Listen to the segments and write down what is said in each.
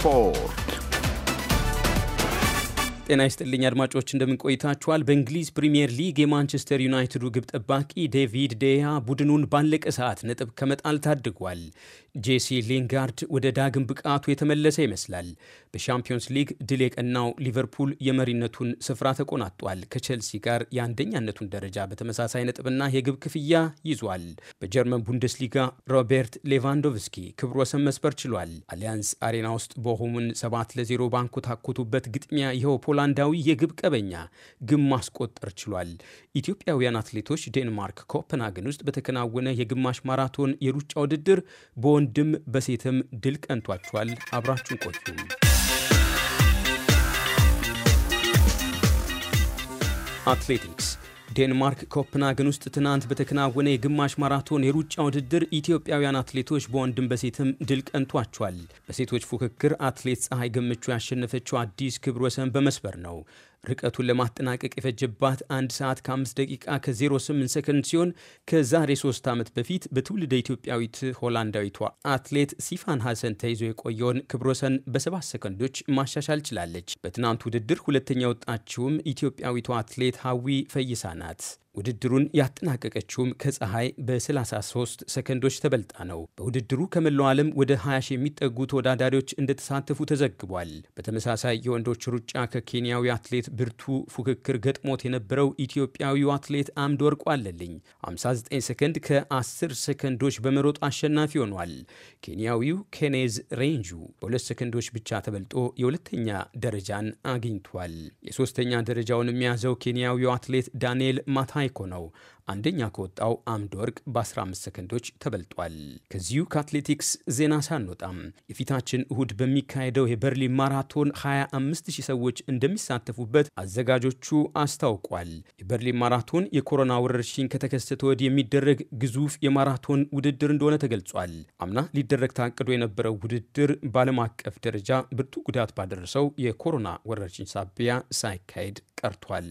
four. ጤና ይስጥልኝ አድማጮች፣ እንደምንቆይታችኋል። በእንግሊዝ ፕሪምየር ሊግ የማንቸስተር ዩናይትዱ ግብ ጠባቂ ዴቪድ ዴያ ቡድኑን ባለቀ ሰዓት ነጥብ ከመጣል ታድጓል። ጄሲ ሊንጋርድ ወደ ዳግም ብቃቱ የተመለሰ ይመስላል። በሻምፒዮንስ ሊግ ድል የቀናው ሊቨርፑል የመሪነቱን ስፍራ ተቆናጧል። ከቼልሲ ጋር የአንደኛነቱን ደረጃ በተመሳሳይ ነጥብና የግብ ክፍያ ይዟል። በጀርመን ቡንደስሊጋ ሮቤርት ሌቫንዶቭስኪ ክብር ወሰን መስበር ችሏል። አሊያንስ አሬና ውስጥ በሆሙን 7 ለ0 ባንኮ ታኮቱበት ግጥሚያ ይኸው ፖላ ሆላንዳዊ የግብ ቀበኛ ግብ ማስቆጠር ችሏል። ኢትዮጵያውያን አትሌቶች ዴንማርክ ኮፐንሃገን ውስጥ በተከናወነ የግማሽ ማራቶን የሩጫ ውድድር በወንድም በሴትም ድል ቀንቷቸዋል። አብራችሁን ቆዩ። አትሌቲክስ ዴንማርክ ኮፕንሃገን ውስጥ ትናንት በተከናወነ የግማሽ ማራቶን የሩጫ ውድድር ኢትዮጵያውያን አትሌቶች በወንድም በሴትም ድል ቀንቷቸዋል። በሴቶች ፉክክር አትሌት ፀሐይ ገምቹ ያሸነፈችው አዲስ ክብረ ወሰን በመስበር ነው። ርቀቱን ለማጠናቀቅ የፈጀባት አንድ ሰዓት ከ5 ደቂቃ ከ08 ሰከንድ ሲሆን ከዛሬ 3 ዓመት በፊት በትውልደ ኢትዮጵያዊት ሆላንዳዊቷ አትሌት ሲፋን ሀሰን ተይዞ የቆየውን ክብረሰን በ በሰባት ሰከንዶች ማሻሻል ችላለች። በትናንቱ ውድድር ሁለተኛ ወጣችውም ኢትዮጵያዊቷ አትሌት ሀዊ ፈይሳ ናት። ውድድሩን ያጠናቀቀችውም ከፀሐይ በ33 ሰከንዶች ተበልጣ ነው። በውድድሩ ከመላው ዓለም ወደ 20 ሺህ የሚጠጉ ተወዳዳሪዎች እንደተሳተፉ ተዘግቧል። በተመሳሳይ የወንዶች ሩጫ ከኬንያዊ አትሌት ብርቱ ፉክክር ገጥሞት የነበረው ኢትዮጵያዊው አትሌት አምድ ወርቁ አለልኝ 59 ሰከንድ ከ10 ሰከንዶች በመሮጥ አሸናፊ ሆኗል። ኬንያዊው ኬኔዝ ሬንጁ በሁለት ሰከንዶች ብቻ ተበልጦ የሁለተኛ ደረጃን አግኝቷል። የሶስተኛ ደረጃውን የሚያዘው ኬንያዊው አትሌት ዳንኤል ማታይ con አንደኛ ከወጣው አምድ ወርቅ በ15 ሰከንዶች ተበልጧል። ከዚሁ ከአትሌቲክስ ዜና ሳንወጣም የፊታችን እሁድ በሚካሄደው የበርሊን ማራቶን 25000 ሰዎች እንደሚሳተፉበት አዘጋጆቹ አስታውቋል። የበርሊን ማራቶን የኮሮና ወረርሽኝ ከተከሰተ ወዲህ የሚደረግ ግዙፍ የማራቶን ውድድር እንደሆነ ተገልጿል። አምና ሊደረግ ታቅዶ የነበረው ውድድር በዓለም አቀፍ ደረጃ ብርቱ ጉዳት ባደረሰው የኮሮና ወረርሽኝ ሳቢያ ሳይካሄድ ቀርቷል።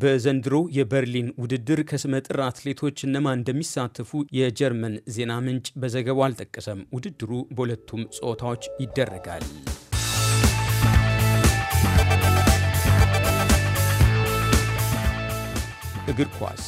በዘንድሮ የበርሊን ውድድር ከስመ የጥር አትሌቶች እነማን እንደሚሳተፉ የጀርመን ዜና ምንጭ በዘገባው አልጠቀሰም። ውድድሩ በሁለቱም ጾታዎች ይደረጋል። እግር ኳስ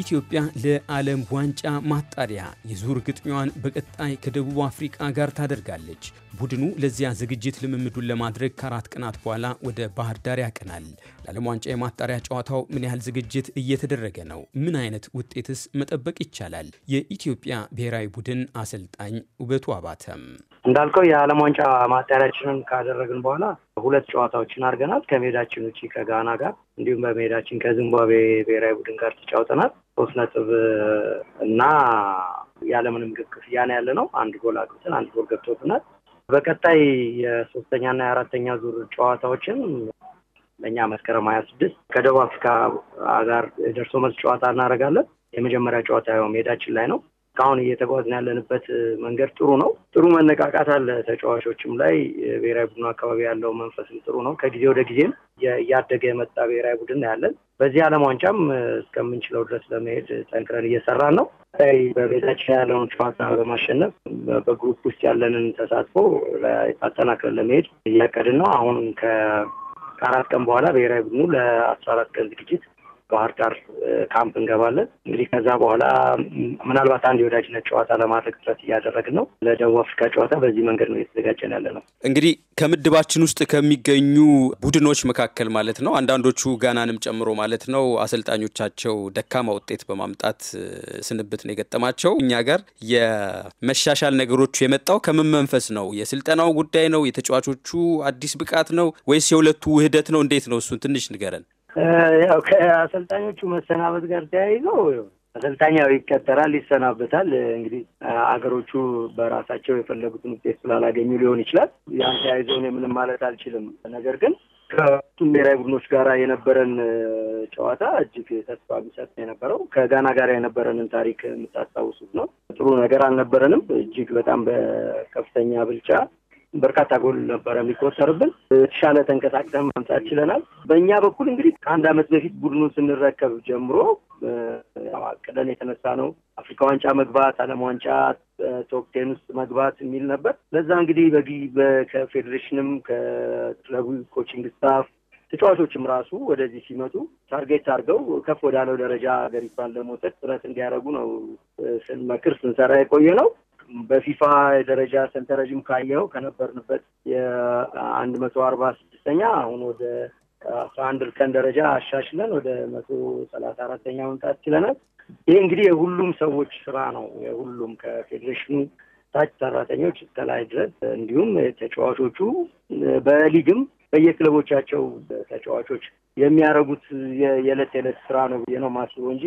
ኢትዮጵያ ለዓለም ዋንጫ ማጣሪያ የዙር ግጥሚዋን በቀጣይ ከደቡብ አፍሪቃ ጋር ታደርጋለች። ቡድኑ ለዚያ ዝግጅት ልምምዱን ለማድረግ ከአራት ቀናት በኋላ ወደ ባህር ዳር ያቀናል። ለዓለም ዋንጫ የማጣሪያ ጨዋታው ምን ያህል ዝግጅት እየተደረገ ነው? ምን አይነት ውጤትስ መጠበቅ ይቻላል? የኢትዮጵያ ብሔራዊ ቡድን አሰልጣኝ ውበቱ አባተም እንዳልከው የዓለም ዋንጫ ማጣሪያችንን ካደረግን በኋላ ሁለት ጨዋታዎችን አድርገናል። ከሜዳችን ውጭ ከጋና ጋር እንዲሁም በሜዳችን ከዚምባብዌ ብሔራዊ ቡድን ጋር ተጫውተናል። ሶስት ነጥብ እና ያለምንም ግብ ክፍያ ነው ያለ ነው። አንድ ጎል አግብተን አንድ ጎል ገብቶብናል። በቀጣይ የሶስተኛና የአራተኛ ዙር ጨዋታዎችን ለእኛ መስከረም ሀያ ስድስት ከደቡብ አፍሪካ ጋር ደርሶ መልስ ጨዋታ እናደርጋለን። የመጀመሪያ ጨዋታ ሜዳችን ላይ ነው። እስካሁን እየተጓዝን ያለንበት መንገድ ጥሩ ነው። ጥሩ መነቃቃት አለ ተጫዋቾችም ላይ ብሔራዊ ቡድኑ አካባቢ ያለው መንፈስም ጥሩ ነው። ከጊዜ ወደ ጊዜም እያደገ የመጣ ብሔራዊ ቡድን ያለን በዚህ ዓለም ዋንጫም እስከምንችለው ድረስ ለመሄድ ጠንክረን እየሰራን ነው። በቤታችን ያለውን ጨዋታ በማሸነፍ በግሩፕ ውስጥ ያለንን ተሳትፎ አጠናክረን ለመሄድ እያቀድን ነው። አሁን ከአራት ቀን በኋላ ብሔራዊ ቡድኑ ለአስራ አራት ቀን ዝግጅት ባህር ዳር ካምፕ እንገባለን። እንግዲህ ከዛ በኋላ ምናልባት አንድ የወዳጅነት ጨዋታ ለማድረግ ጥረት እያደረግን ነው። ለደቡብ አፍሪካ ጨዋታ በዚህ መንገድ ነው እየተዘጋጀን ያለ ነው። እንግዲህ ከምድባችን ውስጥ ከሚገኙ ቡድኖች መካከል ማለት ነው አንዳንዶቹ ጋናንም ጨምሮ ማለት ነው አሰልጣኞቻቸው ደካማ ውጤት በማምጣት ስንብት ነው የገጠማቸው። እኛ ጋር የመሻሻል ነገሮቹ የመጣው ከምን መንፈስ ነው? የስልጠናው ጉዳይ ነው? የተጫዋቾቹ አዲስ ብቃት ነው ወይስ የሁለቱ ውህደት ነው? እንዴት ነው? እሱን ትንሽ ንገረን። ያው ከአሰልጣኞቹ መሰናበት ጋር ተያይዞ አሰልጣኛው ይቀጠራል፣ ይሰናበታል። እንግዲህ አገሮቹ በራሳቸው የፈለጉትን ውጤት ስላላገኙ ሊሆን ይችላል። ያን ተያይዞ እኔ ምንም ማለት አልችልም። ነገር ግን ከሁለቱም ብሔራዊ ቡድኖች ጋር የነበረን ጨዋታ እጅግ ተስፋ የሚሰጥ የነበረው ከጋና ጋር የነበረንን ታሪክ የምታስታውሱት ነው። ጥሩ ነገር አልነበረንም። እጅግ በጣም በከፍተኛ ብልጫ በርካታ ጎል ነበረ የሚቆጠርብን። የተሻለ ተንቀሳቅሰን ማምጣት ችለናል። በእኛ በኩል እንግዲህ ከአንድ አመት በፊት ቡድኑን ስንረከብ ጀምሮ አቅደን የተነሳ ነው አፍሪካ ዋንጫ መግባት፣ አለም ዋንጫ ቶፕ ቴን ውስጥ መግባት የሚል ነበር። ለዛ እንግዲህ በ ከፌዴሬሽንም ከክለቡ ኮችንግ ስታፍ ተጫዋቾችም ራሱ ወደዚህ ሲመጡ ታርጌት አድርገው ከፍ ወዳለው ደረጃ ሀገሪቷን ለመውሰድ ጥረት እንዲያደርጉ ነው ስንመክር ስንሰራ የቆየ ነው። በፊፋ ደረጃ ሰንተረዥም ካየው ከነበርንበት የአንድ መቶ አርባ ስድስተኛ አሁን ወደ አስራ አንድ እርከን ደረጃ አሻሽለን ወደ መቶ ሰላሳ አራተኛ መምጣት ችለናል። ይሄ እንግዲህ የሁሉም ሰዎች ስራ ነው። የሁሉም ከፌዴሬሽኑ ታች ሰራተኞች ከላይ ድረስ እንዲሁም ተጫዋቾቹ በሊግም በየክለቦቻቸው ተጫዋቾች የሚያደርጉት የዕለት የዕለት ስራ ነው ብዬ ነው ማስበው እንጂ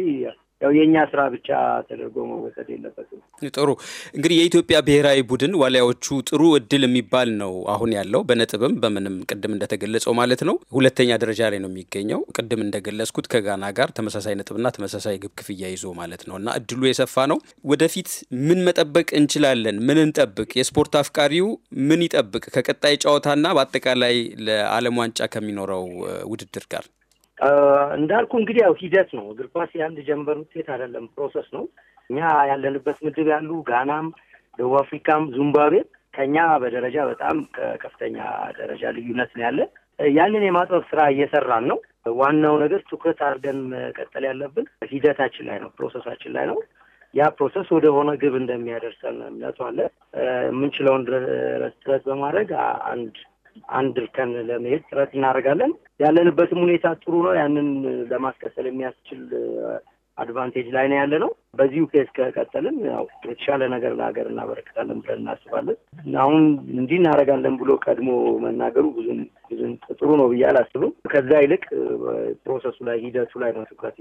ያው የእኛ ስራ ብቻ ተደርጎ መወሰድ የለበትም። ጥሩ እንግዲህ የኢትዮጵያ ብሔራዊ ቡድን ዋሊያዎቹ ጥሩ እድል የሚባል ነው አሁን ያለው በነጥብም በምንም ቅድም እንደተገለጸው ማለት ነው። ሁለተኛ ደረጃ ላይ ነው የሚገኘው ቅድም እንደገለጽኩት ከጋና ጋር ተመሳሳይ ነጥብና ተመሳሳይ ግብ ክፍያ ይዞ ማለት ነው እና እድሉ የሰፋ ነው። ወደፊት ምን መጠበቅ እንችላለን? ምን እንጠብቅ? የስፖርት አፍቃሪው ምን ይጠብቅ ከቀጣይ ጨዋታና በአጠቃላይ ለዓለም ዋንጫ ከሚኖረው ውድድር ጋር እንዳልኩ እንግዲህ ያው ሂደት ነው። እግር ኳስ የአንድ ጀንበር ውጤት አይደለም፣ ፕሮሰስ ነው። እኛ ያለንበት ምድብ ያሉ ጋናም፣ ደቡብ አፍሪካም፣ ዚምባብዌ ከኛ በደረጃ በጣም ከከፍተኛ ደረጃ ልዩነት ነው ያለ። ያንን የማጥበብ ስራ እየሰራን ነው። ዋናው ነገር ትኩረት አድርገን መቀጠል ያለብን ሂደታችን ላይ ነው፣ ፕሮሰሳችን ላይ ነው። ያ ፕሮሰስ ወደ ሆነ ግብ እንደሚያደርሰን እምነቱ አለ። የምንችለውን ጥረት በማድረግ አንድ አንድ እርከን ለመሄድ ጥረት እናደርጋለን። ያለንበትም ሁኔታ ጥሩ ነው። ያንን ለማስቀጠል የሚያስችል አድቫንቴጅ ላይ ነው ያለ ነው። በዚሁ ኬስ ከቀጠልን ያው የተሻለ ነገር ለሀገር እናበረክታለን ብለን እናስባለን። አሁን እንዲህ እናደርጋለን ብሎ ቀድሞ መናገሩ ብዙም ብዙም ጥሩ ነው ብዬ አላስብም። ከዛ ይልቅ ፕሮሰሱ ላይ ሂደቱ ላይ ነው ትኩረት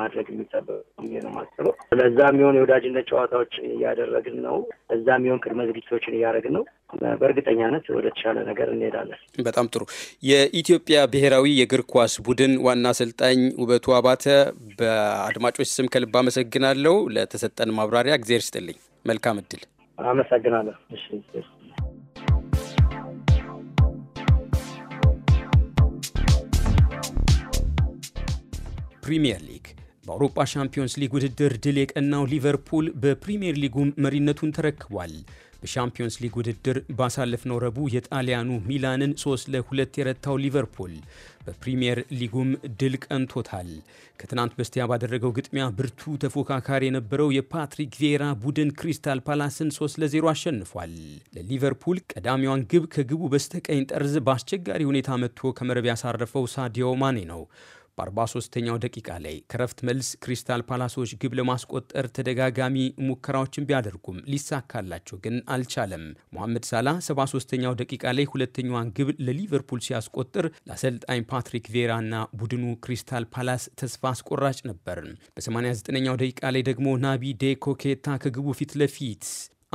ማድረግ የሚጠበቅ ነው የማስበው። ለዛ የሚሆን የወዳጅነት ጨዋታዎች እያደረግን ነው። ለዛ የሚሆን ቅድመ ዝግጅቶችን እያደረግን ነው። በእርግጠኛነት ወደ ተሻለ ነገር እንሄዳለን። በጣም ጥሩ። የኢትዮጵያ ብሔራዊ የእግር ኳስ ቡድን ዋና አሰልጣኝ ውበቱ አባተ፣ በአድማጮች ስም ከልብ አመሰግናለሁ ለተሰጠን ማብራሪያ። እግዜር ስጥልኝ። መልካም እድል። አመሰግናለሁ። ፕሪምየር ሊግ በአውሮፓ ሻምፒዮንስ ሊግ ውድድር ድል የቀናው ሊቨርፑል በፕሪምየር ሊጉም መሪነቱን ተረክቧል። በሻምፒዮንስ ሊግ ውድድር ባሳለፍነው ረቡዕ የጣሊያኑ ሚላንን 3 ለ2 የረታው ሊቨርፑል በፕሪምየር ሊጉም ድል ቀንቶታል። ከትናንት በስቲያ ባደረገው ግጥሚያ ብርቱ ተፎካካሪ የነበረው የፓትሪክ ቪዬራ ቡድን ክሪስታል ፓላስን 3 ለ0 አሸንፏል። ለሊቨርፑል ቀዳሚዋን ግብ ከግቡ በስተቀኝ ጠርዝ በአስቸጋሪ ሁኔታ መጥቶ ከመረብ ያሳረፈው ሳዲዮ ማኔ ነው። በ43ኛው ደቂቃ ላይ ከረፍት መልስ ክሪስታል ፓላሶች ግብ ለማስቆጠር ተደጋጋሚ ሙከራዎችን ቢያደርጉም ሊሳካላቸው ግን አልቻለም። ሞሐመድ ሳላ 73ኛው ደቂቃ ላይ ሁለተኛዋን ግብ ለሊቨርፑል ሲያስቆጥር ለአሰልጣኝ ፓትሪክ ቬራና ቡድኑ ክሪስታል ፓላስ ተስፋ አስቆራጭ ነበር። በ89ኛው ደቂቃ ላይ ደግሞ ናቢ ኮኬታ ከግቡ ፊት ለፊት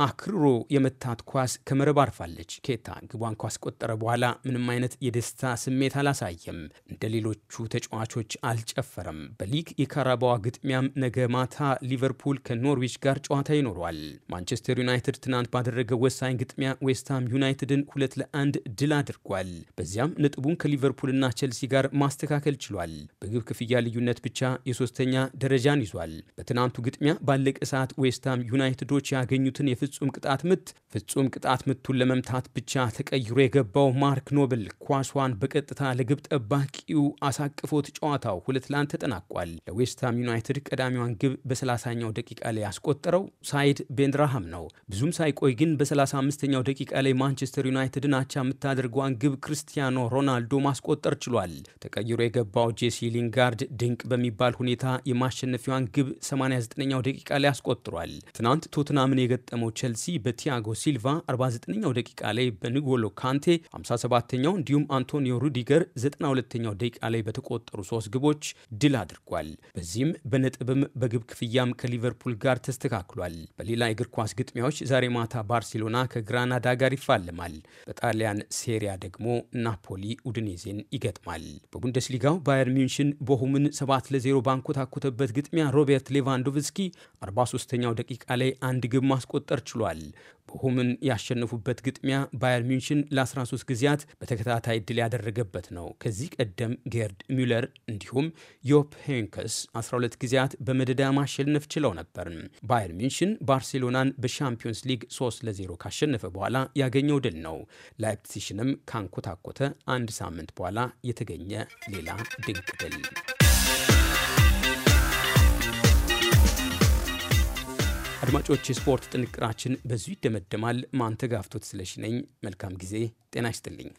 አክርሮ የመታት ኳስ ከመረብ አርፋለች። ኬታ ግቧን ካስቆጠረ በኋላ ምንም አይነት የደስታ ስሜት አላሳየም። እንደ ሌሎቹ ተጫዋቾች አልጨፈረም። በሊግ የካራባዋ ግጥሚያም ነገ ማታ ሊቨርፑል ከኖርዊች ጋር ጨዋታ ይኖሯል። ማንቸስተር ዩናይትድ ትናንት ባደረገው ወሳኝ ግጥሚያ ዌስትሃም ዩናይትድን ሁለት ለአንድ ድል አድርጓል። በዚያም ነጥቡን ከሊቨርፑልና ቸልሲ ጋር ማስተካከል ችሏል። በግብ ክፍያ ልዩነት ብቻ የሶስተኛ ደረጃን ይዟል። በትናንቱ ግጥሚያ ባለቀ ሰዓት ዌስትሃም ዩናይትዶች ያገኙትን የፍ ፍጹም ቅጣት ምት ፍጹም ቅጣት ምቱን ለመምታት ብቻ ተቀይሮ የገባው ማርክ ኖብል ኳሷን በቀጥታ ለግብ ጠባቂው አሳቅፎት ጨዋታው ሁለት ለአንድ ተጠናቋል። ለዌስትሃም ዩናይትድ ቀዳሚዋን ግብ በ30ኛው ደቂቃ ላይ ያስቆጠረው ሳይድ ቤንድራሃም ነው። ብዙም ሳይቆይ ግን በ35ኛው ደቂቃ ላይ ማንቸስተር ዩናይትድን አቻ የምታደርገዋን ግብ ክርስቲያኖ ሮናልዶ ማስቆጠር ችሏል። ተቀይሮ የገባው ጄሲ ሊንጋርድ ድንቅ በሚባል ሁኔታ የማሸነፊዋን ግብ 89ኛው ደቂቃ ላይ አስቆጥሯል። ትናንት ቶትናምን የገጠመው ቼልሲ በቲያጎ ሲልቫ 49ኛው ደቂቃ ላይ በንጎሎ ካንቴ 57ኛው እንዲሁም አንቶኒዮ ሩዲገር 92ኛው ደቂቃ ላይ በተቆጠሩ ሶስት ግቦች ድል አድርጓል። በዚህም በነጥብም በግብ ክፍያም ከሊቨርፑል ጋር ተስተካክሏል። በሌላ የእግር ኳስ ግጥሚያዎች ዛሬ ማታ ባርሴሎና ከግራናዳ ጋር ይፋለማል። በጣሊያን ሴሪያ ደግሞ ናፖሊ ኡድኔዜን ይገጥማል። በቡንደስሊጋው ባየር ሚንሽን ቦሁምን 7 ለ0 ባንኮታኮተበት ግጥሚያ ሮቤርት ሌቫንዶቭስኪ 43ኛው ደቂቃ ላይ አንድ ግብ ማስቆጠር ችሏል። በሁምን ያሸነፉበት ግጥሚያ ባየር ሚንሽን ለ13 ጊዜያት በተከታታይ ድል ያደረገበት ነው። ከዚህ ቀደም ጌርድ ሚለር እንዲሁም ዮፕ ሄንከስ 12 ጊዜያት በመደዳ ማሸነፍ ችለው ነበር። ባየር ሚንሽን ባርሴሎናን በሻምፒዮንስ ሊግ 3 ለ0 ካሸነፈ በኋላ ያገኘው ድል ነው። ላይፕሲሽንም ካንኮታኮተ አንድ ሳምንት በኋላ የተገኘ ሌላ ድንቅ ድል አድማጮች፣ የስፖርት ጥንቅራችን በዙ ይደመደማል። ማንተጋፍቶት ጋፍቶት ነኝ። መልካም ጊዜ። ጤና ይስጥልኝ።